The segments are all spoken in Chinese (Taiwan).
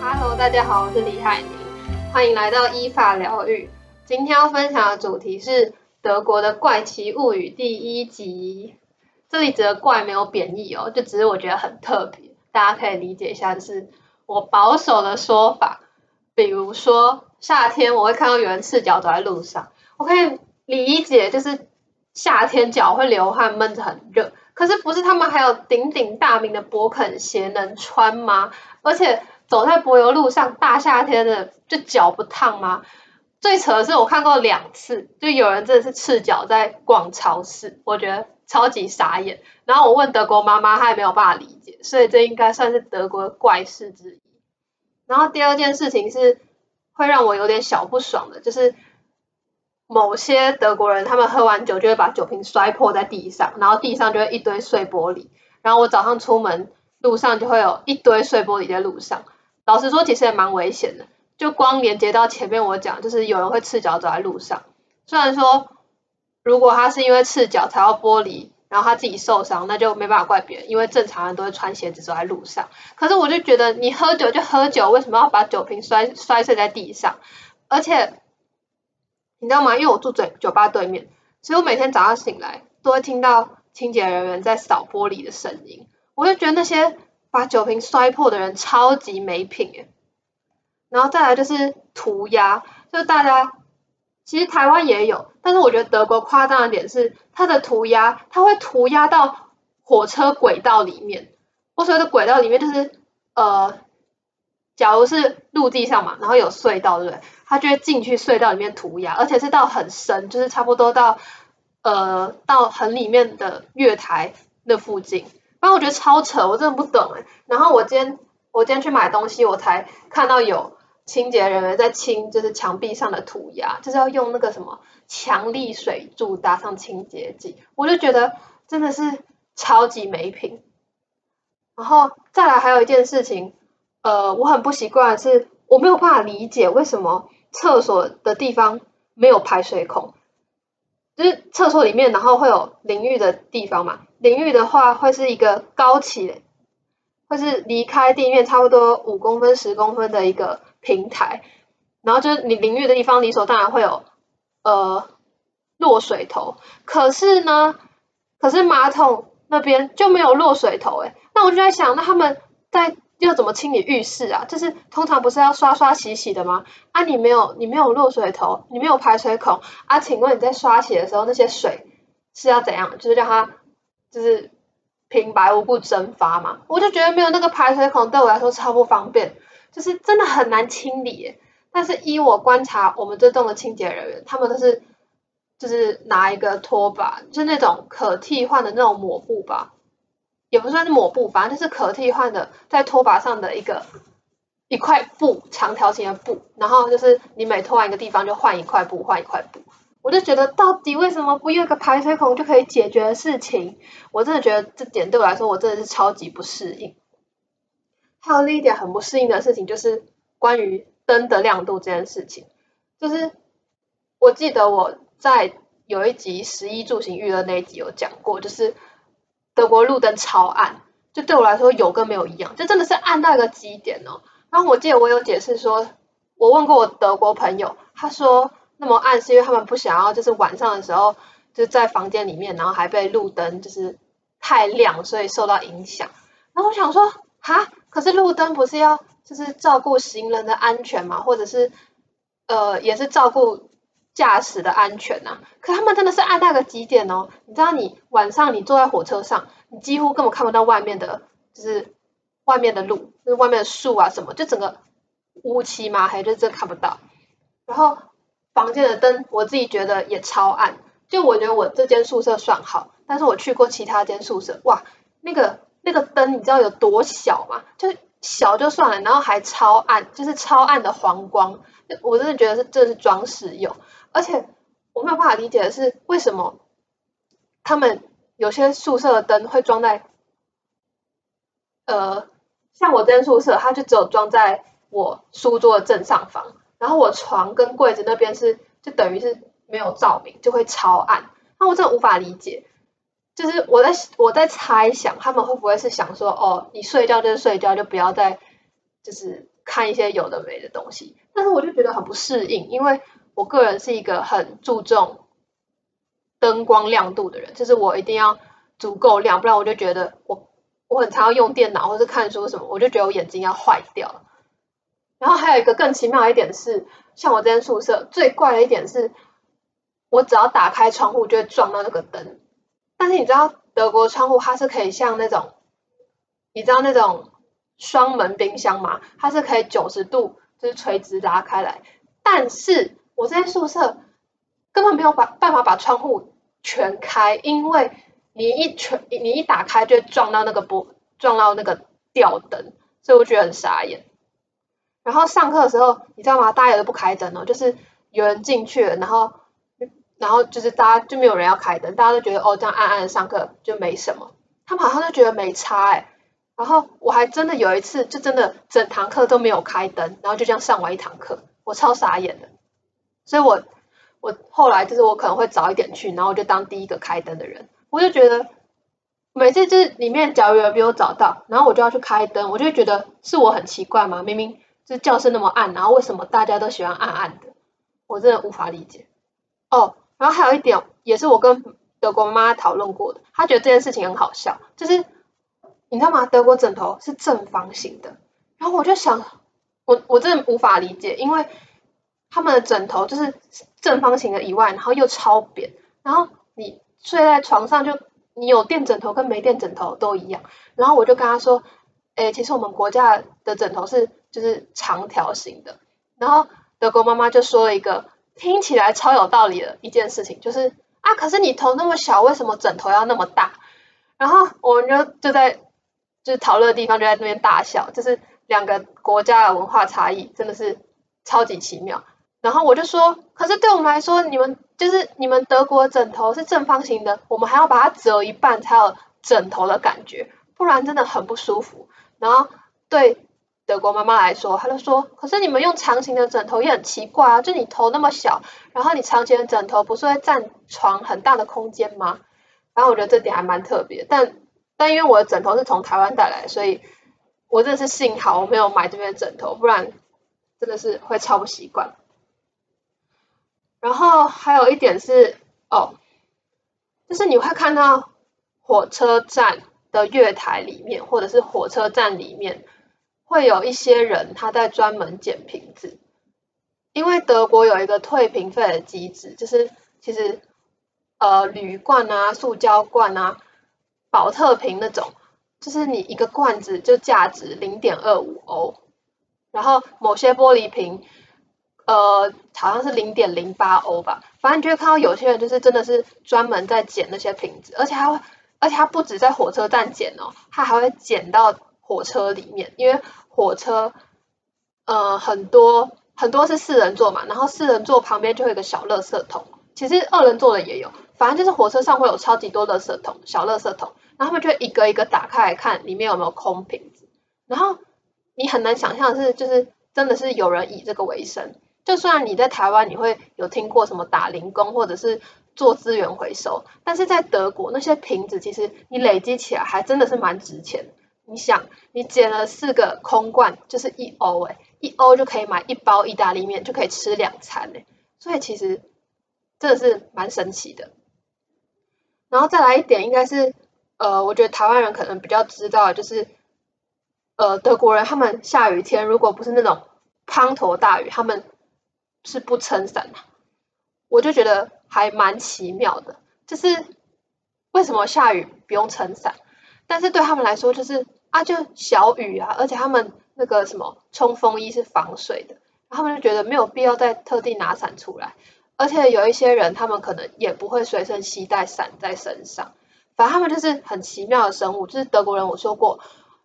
Hello，大家好，我是李海寧，歡迎來到依法療癒。今天要分享的主題是德國的怪奇物語第一集。這裡指的怪沒有貶義哦，就只是我覺得很特別，大家可以理解一下，就是我保守的說法。比如說夏天，我會看到有人赤腳走在路上，我可以理解，就是夏天腳會流汗，悶着很熱。可是不是他們還有鼎鼎大名的勃肯鞋能穿嗎？而且走在柏油路上，大夏天的就腳不燙嗎？最扯的是我看過兩次，就有人真的是赤腳在逛超市，我覺得超級傻眼。然後我問德國媽媽，她也沒有辦法理解，所以這應該算是德國的怪事之一。然後第二件事情是會讓我有點小不爽的，就是。某些德國人，他們喝完酒就會把酒瓶摔破在地上，然後地上就會一堆碎玻璃。然後我早上出門路上就會有一堆碎玻璃在路上。老實說，其實也蠻危險的。就光連接到前面我講，就是有人會赤腳走在路上。雖然說，如果他是因為赤腳踩到玻璃，然後他自己受傷，那就沒辦法怪別人，因為正常人都會穿鞋子走在路上。可是我就覺得，你喝酒就喝酒，為什麼要把酒瓶摔摔碎在地上？而且。你知道嗎？因為我住在酒吧對面，所以我每天早上醒來都會聽到清潔人員在掃玻璃的聲音。我就覺得那些把酒瓶摔破的人超級沒品耶。然後再來就是塗鴉，就大家其實台灣也有，但是我覺得德國誇張的點是，它的塗鴉它會塗鴉到火車軌道裡面，火車的軌道裡面就是呃，假如是陸地上嘛，然後有隧道，對不對？他就會進去隧道裡面塗鴉，而且是到很深，就是差不多到呃到很裡面的月台那附近。反正我覺得超扯，我真的不懂哎、欸。然後我今天我今天去買東西，我才看到有清潔人員在清，就是牆壁上的塗鴉，就是要用那個什麼強力水柱搭上清潔劑，我就覺得真的是超級沒品。然後再來還有一件事情，呃，我很不習慣是，是我沒有辦法理解為什麼。廁所的地方沒有排水孔，就是廁所裡面，然後會有淋浴的地方嘛。淋浴的話，會是一個高起，會是離開地面差不多五公分，十公分的一個平台。然後就是你淋浴的地方，理所當然會有呃落水頭。可是呢，可是馬桶那邊就沒有落水頭哎，欸。那我就在想，那他們在要怎麼清理浴室啊？就是通常不是要刷刷洗洗的嗎？啊，你沒有你沒有落水頭，你沒有排水孔啊？請問你在刷洗的時候，那些水是要怎樣？就是讓它就是平白無故蒸發嗎？我就覺得沒有那個排水孔對我來說超不方便，就是真的很難清理欸。但是依我觀察，我們這棟的清潔人員，他們都是就是拿一個拖把，就那種可替換的那種抹布吧。也不算是抹布，反正就是可替換的，在拖把上的一個一塊布，長條形的布，然後就是你每拖完一個地方就換一塊布，換一塊布。我就覺得，到底為什麼不用個排水孔就可以解決的事情？我真的覺得這點對我來說，我真的是超級不適應。還有另一點很不適應的事情，就是關於燈的亮度這件事情。就是我記得我在有一集食衣住行育樂那一集有講過，就是。德國路燈超暗，就對我來說有跟沒有一樣，就真的是暗到一個極點哦。然後我記得我有解釋說，我問過我德國朋友，他說那麼暗是因為他們不想要，就是晚上的時候就在房間裡面，然後還被路燈就是太亮，所以受到影響。然後我想說，哈，可是路燈不是要就是照顧行人的安全嘛，或者是呃也是照顧駕駛的安全吶、啊，可他們真的是暗到個極點哦！你知道，你晚上你坐在火車上，你幾乎根本看不到外面的，就是外面的路，就是外面的樹啊什麼，就整個烏漆嘛黑，就這看不到。然後房間的燈，我自己覺得也超暗。就我覺得我這間宿舍算好，但是我去過其他間宿舍，哇，那個那個燈，你知道有多小嗎？就是小就算了，然後還超暗，就是超暗的黃光，我真的覺得是這是裝飾用。而且我沒有辦法理解的是，為什麼他們有些宿舍的燈會裝在，呃，像我這間宿舍，它就只有裝在我書桌的正上方，然後我床跟櫃子那邊是就等於是沒有照明，就會超暗。那我真的無法理解，就是我在我在猜想，他們會不會是想說，哦，你睡覺就是睡覺，就不要再就是看一些有的沒的東西。但是我就覺得很不適應，因為。我個人是一個很注重燈光亮度的人，就是我一定要足夠亮，不然我就覺得我我很常用電腦或是看書什麼，我就覺得我眼睛要壞掉了。然後還有一個更奇妙一點是，像我這間宿舍最怪的一點是，我只要打開窗戶就會撞到那個燈。但是你知道德國窗戶它是可以像那種，你知道那種雙門冰箱嗎？它是可以九十度就是垂直拉開來，但是。我在宿舍根本沒有把辦法把窗戶全開，因為你一全你一打開就撞到那個玻撞到那個吊燈，所以我覺得很傻眼。然後上課的時候，你知道嗎？大家都不開燈哦，就是有人進去了，然後然後就是大家就沒有人要開燈，大家都覺得哦這樣暗暗的上課就沒什麼，他們好像都覺得沒差哎。然後我還真的有一次，就真的整堂課都沒有開燈，然後就這樣上完一堂課，我超傻眼的。所以我，我我後來就是我可能會早一點去，然後我就當第一個開燈的人。我就覺得每次就是裡面假如有沒有找到，然後我就要去開燈。我就覺得是我很奇怪嗎？明明就是教室那麼暗，然後為什麼大家都喜歡暗暗的？我真的無法理解。哦，然後還有一點也是我跟德國媽討論過的，她覺得這件事情很好笑，就是你知道嗎？德國枕頭是正方形的，然後我就想，我我真的無法理解，因為。他們的枕頭就是正方形的以外，然後又超扁，然後你睡在床上就你有墊枕頭跟沒墊枕頭都一樣。然後我就跟他說：“誒、欸、其實我們國家的枕頭是就是長條形的。”然後德國媽媽就說了一個聽起來超有道理的一件事情，就是啊，可是你頭那麼小，為什麼枕頭要那麼大？然後我們就就在就討論的地方就在那邊大笑，就是兩個國家的文化差異真的是超級奇妙。然後我就說，可是對我們來說，你們就是你們德國枕頭是正方形的，我們還要把它折一半才有枕頭的感覺，不然真的很不舒服。然後對德國媽媽來說，她就說，可是你們用長形的枕頭也很奇怪啊，就你頭那麼小，然後你長形的枕頭不是會佔床很大的空間嗎？然後我覺得這點還蠻特別，但但因為我的枕頭是從台灣帶來，所以我真的是幸好我沒有買這邊的枕頭，不然真的是會超不習慣。然後還有一點是哦，就是你會看到火車站的月台裡面，或者是火車站裡面，會有一些人他在專門撿瓶子，因為德國有一個退瓶費的機制，就是其實呃鋁罐啊、塑膠罐啊、寶特瓶那種，就是你一個罐子就價值零點二五歐，然後某些玻璃瓶。呃，好像是零點零八歐吧。反正你會看到有些人就是真的是專門在撿那些瓶子，而且還會，而且他不止在火車站撿哦，他還會撿到火車裡面，因為火車呃很多很多是四人座嘛，然後四人座旁邊就會有個小垃圾桶，其實二人座的也有，反正就是火車上會有超級多垃圾桶，小垃圾桶，然後他們就一個一個打開來看裡面有沒有空瓶子，然後你很難想象的是就是真的是有人以這個為生。就算你在台灣，你會有聽過什麼打零工或者是做資源回收，但是在德國那些瓶子其實你累積起來還真的是蠻值錢。你想，你撿了四個空罐，就是一歐哎、欸，一歐就可以買一包意大利麵，就可以吃兩餐哎、欸，所以其實這是蠻神奇的。然後再來一點應該，應該是呃，我覺得台灣人可能比較知道的，就是呃，德國人他們下雨天如果不是那種滂沱大雨，他們是不撐傘的，我就覺得還蠻奇妙的。就是為什麼下雨不用撐傘，但是對他們來說就是啊，就小雨啊，而且他們那個什麼衝鋒衣是防水的，他們就覺得沒有必要再特地拿傘出來。而且有一些人，他們可能也不會隨身攜帶傘在身上。反正他們就是很奇妙的生物。就是德國人，我說過，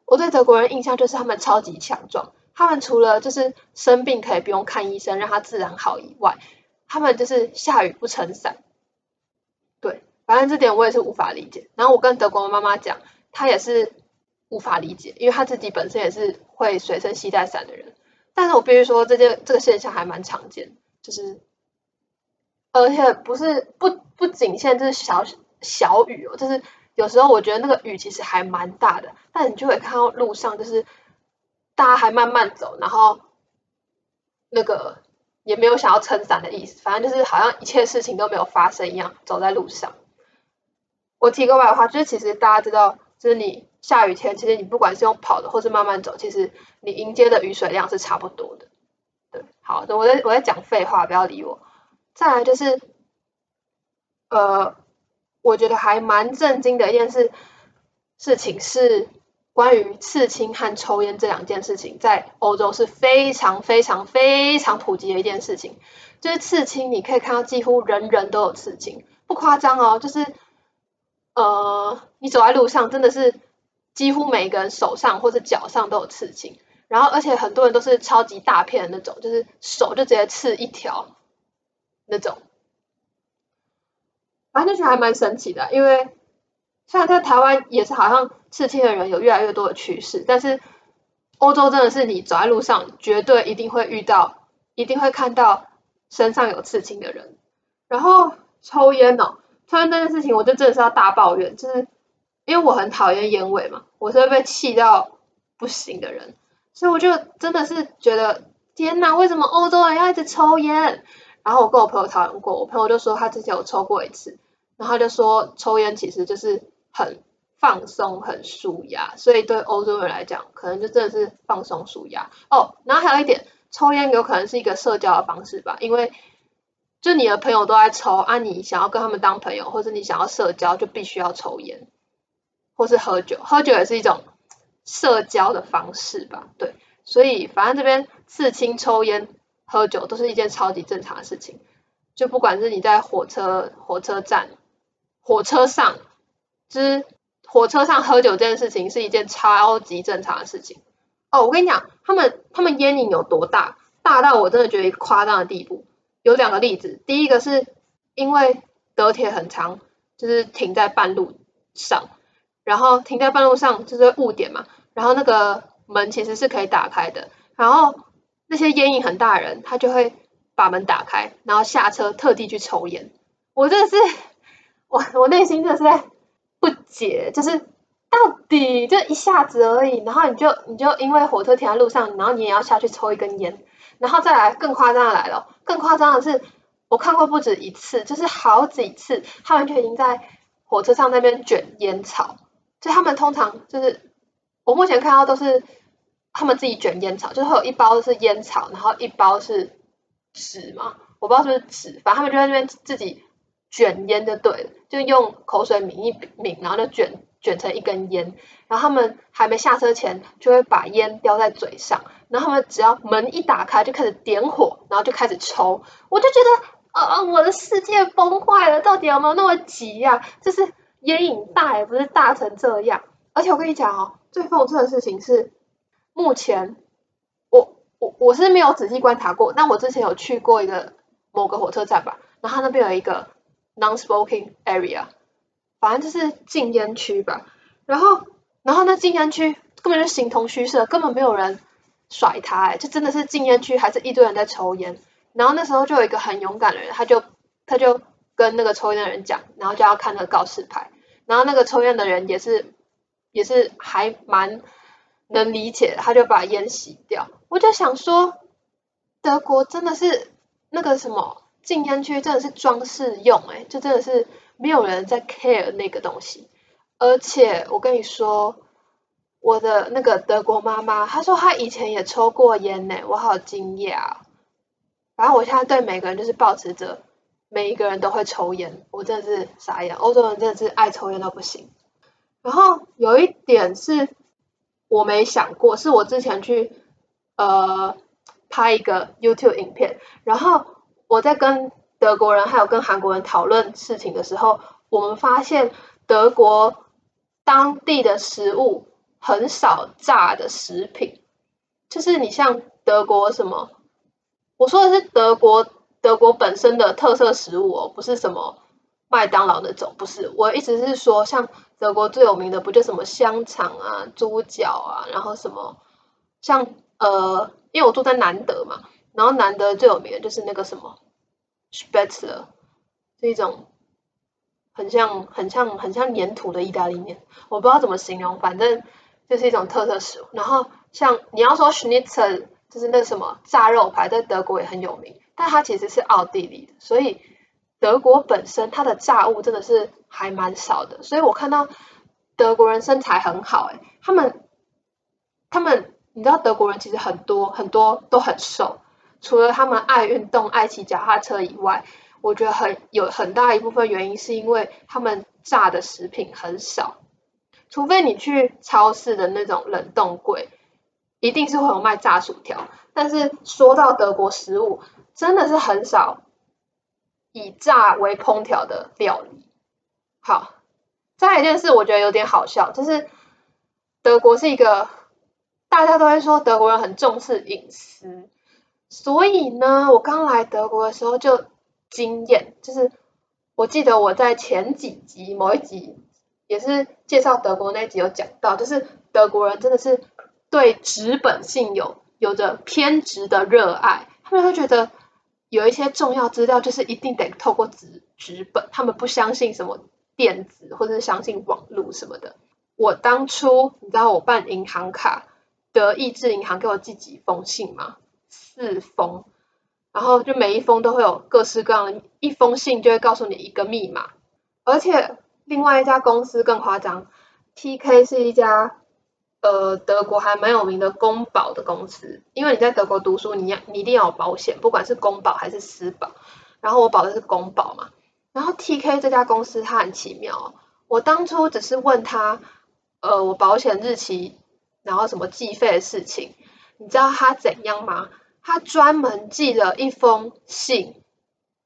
我對德國人印象就是他們超級強壯。他們除了就是生病可以不用看醫生，讓他自然好以外，他們就是下雨不撐傘，對，反正這點我也是無法理解。然後我跟德國媽媽講，她也是無法理解，因為她自己本身也是會隨身攜帶傘的人。但是我必須說，這件這個現象還蠻常見，就是而且不是不不僅限就是小小雨哦，就是有時候我覺得那個雨其實還蠻大的，但你就會看到路上就是。大家還慢慢走，然後那個也沒有想要撐傘的意思，反正就是好像一切事情都沒有發生一樣，走在路上。我提個外話，就是其實大家知道，就是你下雨天，其實你不管是用跑的或是慢慢走，其實你迎接的雨水量是差不多的。對，好，我在我在講廢話，不要理我。再來就是，呃，我覺得還蠻震驚的一件事事情是。關於刺青和抽菸這兩件事情，在歐洲是非常非常非常普及的一件事情。就是刺青，你可以看到幾乎人人都有刺青，不誇張哦。就是呃，你走在路上，真的是幾乎每個人手上或者腳上都有刺青。然後，而且很多人都是超級大片的那種，就是手就直接刺一條那種。反正就是還蠻神奇的，因為。雖然在台灣也是好像刺青的人有越來越多的趨勢，但是歐洲真的是你走在路上絕對一定會遇到，一定會看到身上有刺青的人。然後抽煙哦，突然這件事情，我就真的是要大抱怨，就是因為我很討厭煙味嘛，我是會被氣到不行的人，所以我就真的是覺得天哪，為什麼歐洲人要一直抽煙？然後我跟我朋友討論過，我朋友就說他之前有抽過一次，然後他就說抽煙其實就是。很放鬆，很舒壓，所以對歐洲人來講，可能就真的是放鬆舒壓哦。Oh, 然後還有一點，抽菸有可能是一個社交的方式吧，因為就你的朋友都在抽啊，你想要跟他們當朋友，或者你想要社交，就必須要抽菸，或是喝酒。喝酒也是一種社交的方式吧，對。所以反正這邊刺青、抽菸、喝酒都是一件超級正常的事情，就不管是你在火車、火車站、火車上。其實火車上喝酒這件事情是一件超級正常的事情哦。我跟你講，他們他們菸癮有多大，大到我真的覺得一個誇張的地步。有兩個例子，第一個是因為德鐵很長，就是停在半路上，然後停在半路上就是誤點嘛，然後那個門其實是可以打開的，然後那些菸癮很大的人，他就會把門打開，然後下車特地去抽菸。我真的是，我我內心真的是在，不解，就是到底就一下子而已，然後你就你就因為火車停在路上，然後你也要下去抽一根煙，然後再來更誇張的來了，更誇張的是我看過不止一次，就是好幾次，他們就已經在火車上那邊捲煙草，就他們通常就是我目前看到都是他們自己捲煙草，就是會有一包是煙草，然後一包是紙嘛，我不知道是不是紙，反正他們就在那邊自己。捲煙就對了，就用口水抿一抿，然後就捲捲成一根煙。然後他們還沒下車前，就會把煙叼在嘴上。然後他們只要門一打開，就開始點火，然後就開始抽。我就覺得，啊、呃，我的世界崩壞了，到底有沒有那麼急呀、啊？就是煙癮大也不是大成這樣。而且我跟你講哦，最諷刺的事情是，目前我我我是沒有仔細觀察過，但我之前有去過一個某個火車站吧，然後那邊有一個。Non-smoking area，反正就是禁煙區吧。然後，然後那禁煙區根本就形同虛設，根本沒有人甩他哎，就真的是禁煙區，還是一堆人在抽煙。然後那時候就有一個很勇敢的人，他就他就跟那個抽煙的人講，然後就要看那個告示牌。然後那個抽煙的人也是也是還蠻能理解，他就把煙熄掉。我就想說，德國真的是那個是什麼？禁煙區真的是裝飾用、欸，誒就真的是沒有人在 care 那個東西。而且我跟你說，我的那個德國媽媽，她說她以前也抽過煙呢、欸，我好驚訝啊。反正我現在對每個人就是抱持著，每一個人都會抽煙，我真的是傻眼。歐洲人真的是愛抽煙到不行。然後有一點是我沒想過，是我之前去呃拍一個 YouTube 影片，然後。我在跟德國人還有跟韓國人討論事情的時候，我們發現德國當地的食物很少炸的食品，就是你像德國什麼，我說的是德國德國本身的特色食物哦，不是什麼麥當勞那種，不是。我意思是說，像德國最有名的不就什麼香腸啊、豬腳啊，然後什麼，像呃，因為我住在南德嘛。然後，南德最有名的就是那個什麼 Spätzle 是一種很像很像很像粘土的意大利麵，我不知道怎麼形容，反正就是一種特色食物。然後像，像你要說 Schnitzel 就是那什麼炸肉排，在德國也很有名，但它其實是奧地利的。所以，德國本身它的炸物真的是還蠻少的。所以我看到德國人身材很好，欸，哎，他們他們，你知道德國人其實很多很多都很瘦。除了他們愛運動、愛騎腳踏車以外，我覺得很有很大一部分原因是因為他們炸的食品很少。除非你去超市的那種冷凍櫃，一定是會有賣炸薯條。但是說到德國食物，真的是很少以炸為烹調的料理。好，再一件事我覺得有點好笑，就是德國是一個大家都會說德國人很重視隱私。所以呢，我剛來德國的時候就驚豔，就是我記得我在前幾集某一集也是介紹德國那集有講到，就是德國人真的是對紙本信有有着偏執的熱愛，他們會覺得有一些重要資料就是一定得透過紙紙本，他們不相信什麼電子或者是相信網絡什麼的。我當初你知道我辦銀行卡，德意志銀行給我寄幾封信嗎？四封，然後就每一封都會有各式各樣的一封信，就會告訴你一個密碼。而且另外一家公司更誇張，TK 是一家呃德國還蠻有名的公保的公司，因為你在德國讀書你，你要你一定要有保險，不管是公保還是私保。然後我保的是公保嘛，然後 TK 這家公司它很奇妙哦，我當初只是問他呃我保險日期，然後什麼計費的事情，你知道他怎樣嗎？他專門寄了一封信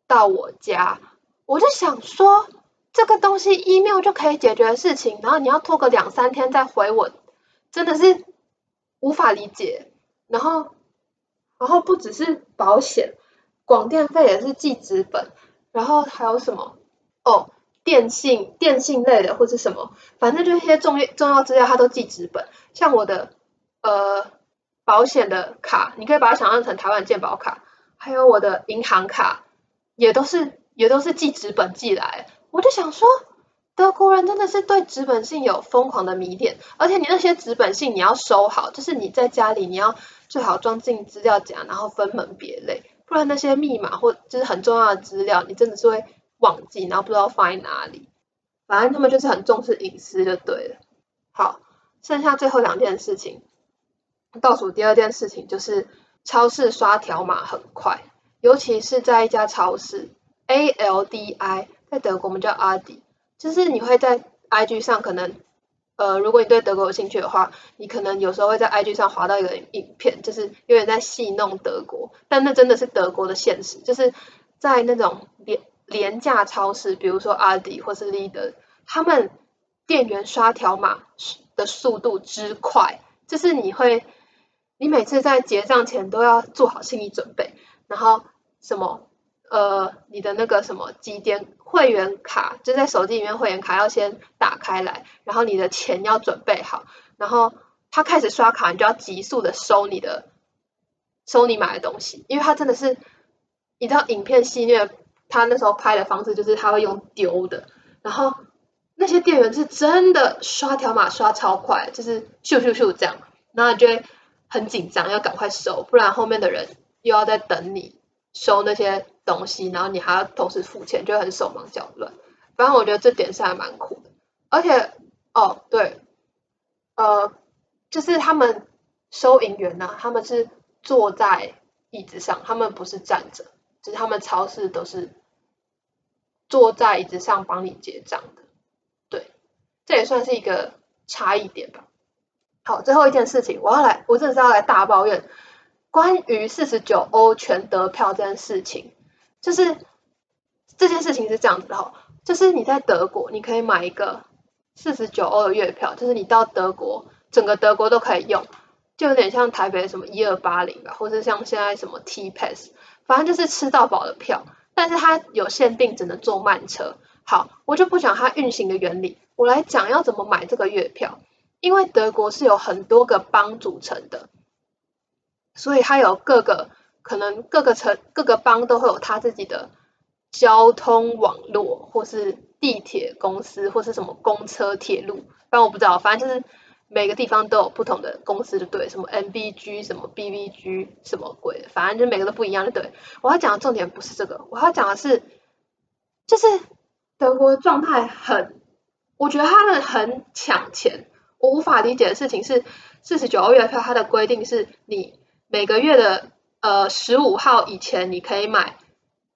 到我家，我就想說，這個東西 email 就可以解決的事情，然後你要拖個兩三天再回我，真的是無法理解。然後，然後不只是保險、廣電費也是寄紙本，然後還有什麼哦，電信、電信類的或是什麼，反正就一些重要重要資料他都寄紙本，像我的呃。保險的卡，你可以把它想象成台灣健保卡，還有我的銀行卡，也都是也都是寄紙本寄來。我就想說，德國人真的是對紙本信有瘋狂的迷戀，而且你那些紙本信你要收好，就是你在家裡你要最好裝進資料夾，然後分門別類，不然那些密碼或就是很重要的資料，你真的是會忘記，然後不知道放在哪裡。反正他們就是很重視隱私，就對了。好，剩下最後兩件事情。倒數第二件事情就是超市刷條碼很快，尤其是在一家超市 A L D I，在德國我們叫阿迪，就是你會在 I G 上可能呃，如果你對德國有興趣的話，你可能有時候會在 I G 上滑到一個影片，就是有點在戲弄德國，但那真的是德國的現實，就是在那種廉廉價超市，比如說阿迪或是利德，他們店員刷條碼的速度之快，就是你會。你每次在結賬前都要做好心理準備，然後什麼呃，你的那個什麼集點會員卡，就在手機裡面會員卡要先打開來，然後你的錢要準備好，然後他開始刷卡，你就要急速的收你的收你買的東西，因為他真的是，你知道影片戲謔他那時候拍的方式，就是他會用丟的，然後那些店員是真的刷條碼刷超快，就是咻咻咻這樣，然後就會。很緊張，要趕快收，不然後面的人又要再等你收那些東西，然後你還要同時付錢，就很手忙腳亂。反正我覺得這點是還蠻苦的，而且哦對，呃，就是他們收銀員呢，他們是坐在椅子上，他們不是站着，就是他們超市都是坐在椅子上幫你結賬的，對，這也算是一個差異點吧。好，最後一件事情，我要來，我真的是要來大抱怨。關於四十九歐全德票這件事情，就是這件事情是這樣子的。哈，就是你在德國，你可以買一個四十九歐的月票，就是你到德國，整個德國都可以用，就有點像台北什麼一二八零吧，或者像現在什麼 T Pass，反正就是吃到飽的票，但是它有限定，只能坐慢車。好，我就不講它運行的原理，我來講要怎麼買這個月票。因為德國是有很多個邦組成的，所以它有各個可能各個城各個邦都會有它自己的交通網絡，或是地鐵公司，或是什麼公車鐵路。但我不知道，反正就是每個地方都有不同的公司，的對。什麼 MBG，什麼 BBG，什麼鬼，反正就每個都不一樣，的對。我要講的重點不是這個，我要講的是，就是德國的狀態很，我覺得他們很搶錢。我無法理解的事情是，四十九歐月的票它的規定是，你每個月的呃十五號以前你可以買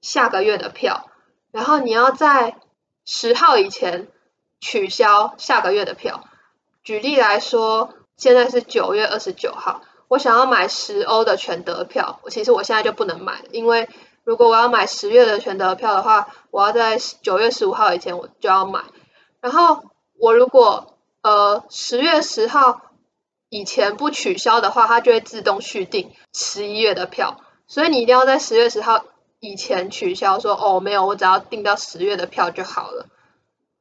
下個月的票，然後你要在十號以前取消下個月的票。舉例來說，現在是九月二十九號，我想要買十歐的全德票，我其實我現在就不能買，因為如果我要買十月的全德票的話，我要在九月十五號以前我就要買，然後我如果呃，十月十號以前不取消的話，它就會自動續訂十一月的票，所以你一定要在十月十號以前取消說，說哦，沒有，我只要訂到十月的票就好了。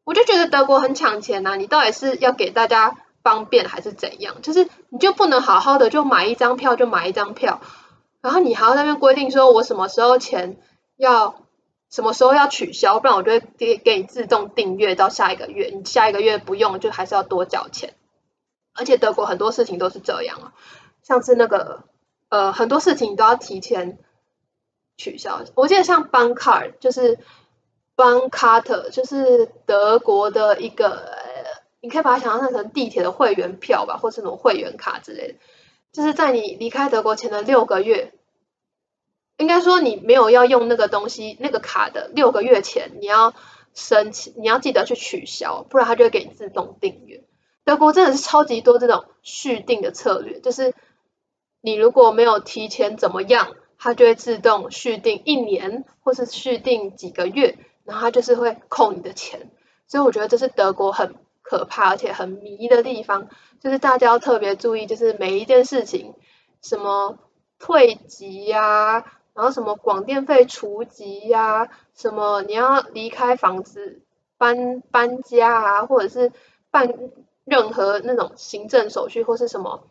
我就覺得德國很搶錢吶、啊，你到底是要給大家方便還是怎樣？就是你就不能好好的就買一張票就買一張票，然後你還要在那邊規定說我什麼時候錢要。什麼時候要取消？不然我就會給給你自動訂閱到下一個月。你下一個月不用，就還是要多交錢。而且德國很多事情都是這樣啊，像是那個呃，很多事情你都要提前取消。我記得像 BahnCard，就是 BahnCard，就是德國的一個，你可以把它想象成地鐵的會員票吧，或是那種會員卡之類的。就是在你離開德國前的六個月。應該說，你沒有要用那個東西，那個卡的六個月前，你要申請，你要記得去取消，不然他就會給你自動訂閱。德國真的是超級多這種續訂的策略，就是你如果沒有提前怎麼樣，它就會自動續訂一年，或是續訂幾個月，然後它就是會扣你的錢。所以我覺得這是德國很可怕而且很迷的地方，就是大家要特別注意，就是每一件事情，什麼退籍呀、啊。然後什麼廣電費除籍呀，啊，什麼你要離開房子搬搬家啊，或者是辦任何那種行政手續，或是什麼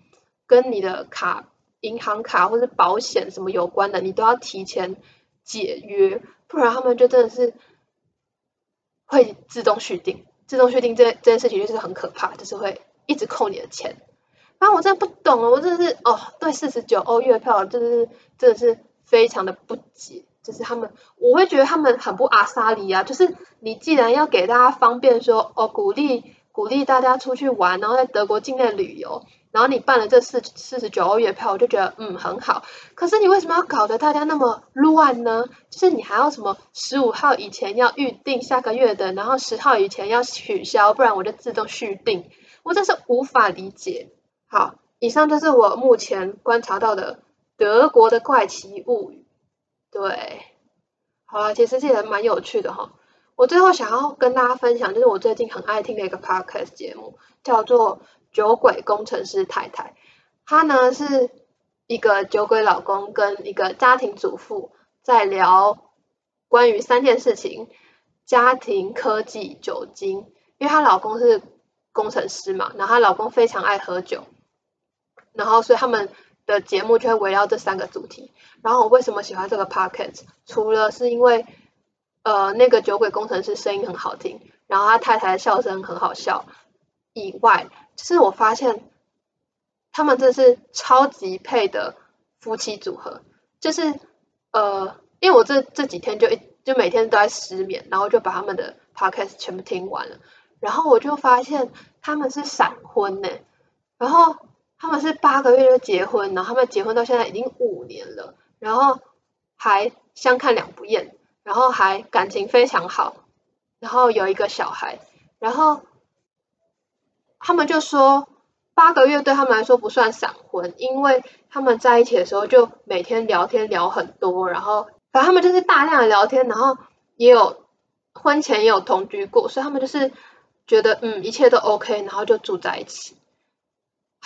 跟你的卡、銀行卡或者保險什麼有關的，你都要提前解約，不然他們就真的是會自動續訂。自動續訂這這件事情就是很可怕，就是會一直扣你的錢。啊，我真的不懂了，哦，我真的是哦，對，四十九歐月票，真的是，就是，真的是。非常的不解，就是他們，我會覺得他們很不阿莎力啊。就是你既然要給大家方便說，說哦，鼓勵鼓勵大家出去玩，然後在德國境內旅遊，然後你辦了這四四十九歐元月票，我就覺得嗯很好。可是你為什麼要搞得大家那麼亂呢？就是你還要什麼十五號以前要預定下個月的，然後十號以前要取消，不然我就自動續訂。我真是無法理解。好，以上就是我目前觀察到的，德國的怪奇物語，對，好了，其實這也蠻有趣的哈、哦。我最後想要跟大家分享，就是我最近很愛聽的一個 podcast 節目，叫做《酒鬼工程師太太》。她呢是一個酒鬼老公跟一個家庭主婦在聊關於三件事情：家庭、科技、酒精。因為她老公是工程師嘛，然後她老公非常愛喝酒，然後所以他們。的節目就會圍繞這三個主題，然後我為什麼喜歡這個 podcast 除了是因為呃那個酒鬼工程師聲音很好聽，然後他太太的笑聲很好笑以外，其實我發現他們這是超級配的夫妻組合。就是呃，因為我這這幾天就一就每天都在失眠，然後就把他們的 podcast 全部聽完了，然後我就發現他們是閃婚呢、欸，然後。他們是八個月就結婚，然後他們結婚到現在已經五年了，然後還相看兩不厭，然後還感情非常好，然後有一個小孩，然後他們就說八個月對他們來說不算閃婚，因為他們在一起的時候就每天聊天聊很多，然後反正他們就是大量的聊天，然後也有婚前也有同居過，所以他們就是覺得嗯一切都 OK，然後就住在一起。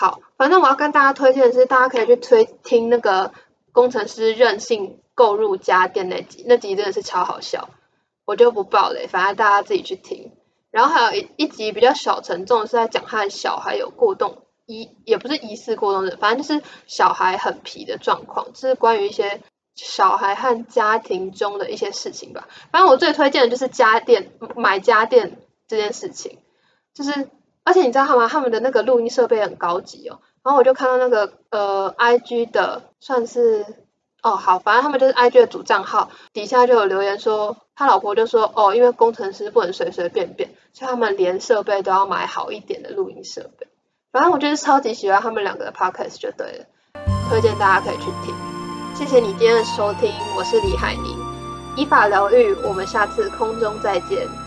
好，反正我要跟大家推薦的是，大家可以去推聽那個工程師任性購入家電那集，那集真的是超好笑，我就不爆雷，反正大家自己去聽。然後還有一一集比較小沉重，是在講和小孩有過動一也不是疑似過動的，反正就是小孩很皮的狀況，就是關於一些小孩和家庭中的一些事情吧。反正我最推薦的就是家電買家電這件事情，就是。而且你知道他嗎？他們的那個錄音設備很高級哦。然後我就看到那個呃，IG 的算是哦，好，反正他們就是 IG 的主賬號底下就有留言說，他老婆就說哦，因為工程師不能隨隨便便，所以他們連設備都要買好一點的錄音設備。反正我就是超級喜歡他們兩個的 podcast，就對了，推薦大家可以去聽。謝謝你今天的收聽，我是李海寧，依法療癒，我們下次空中再見。